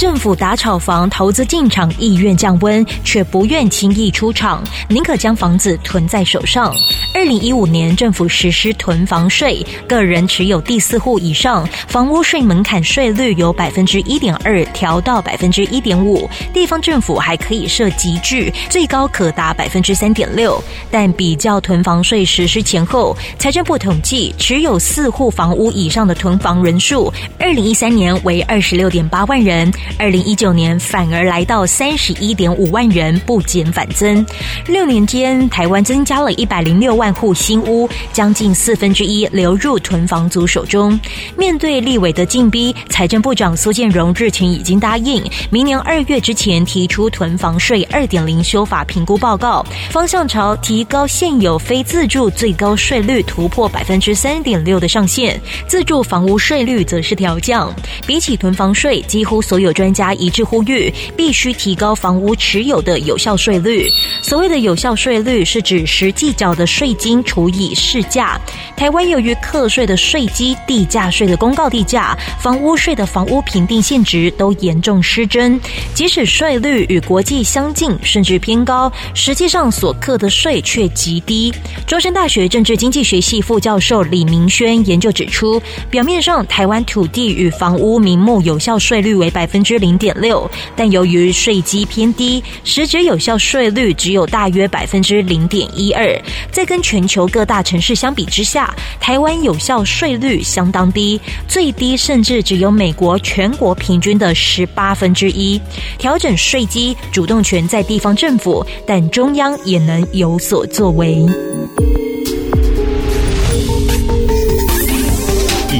政府打炒房，投資進場意願降溫，卻不願輕易出場，寧可將房子囤在手上。二零一五年，政府實施囤房稅，個人持有第四戶以上，房屋稅門檻稅率由百分之一點二調到百分之一點五，地方政府還可以設級距，最高可達百分之三點六。但比較囤房稅實施前後，財政部統計，持有四戶房屋以上的囤房人數，二零一三年為二十六點八萬人。二零一九年反而來到三十一點五萬人，不減反增。六年間，台灣增加了一百零六萬戶新屋，將近四分之一流入囤房族手中。面對立委的進逼，財政部長蘇建榮日前已經答應，明年二月之前提出囤房稅二點零修法評估報告，方向朝提高現有非自住最高稅率突破百分之三點六的上限，自住房屋稅率則是調降。比起囤房稅，幾乎所有。專家一致呼籲，必須提高房屋持有的有效稅率。所謂的有效稅率，是指實際繳的稅金除以市價。台灣由於課稅的稅基、地價稅的公告地價、房屋稅的房屋評定現值都嚴重失真，即使稅率與國際相近，甚至偏高，實際上所課的稅卻極低。中山大學政治經濟學系副教授李明軒研究指出，表面上台灣土地與房屋名目有效稅率為百分之之零點六，但由於稅基偏低，實質有效稅率只有大約百分之零點一二。在跟全球各大城市相比之下，台灣有效稅率相當低，最低甚至只有美國全國平均的十八分之一。調整稅基主動權在地方政府，但中央也能有所作為。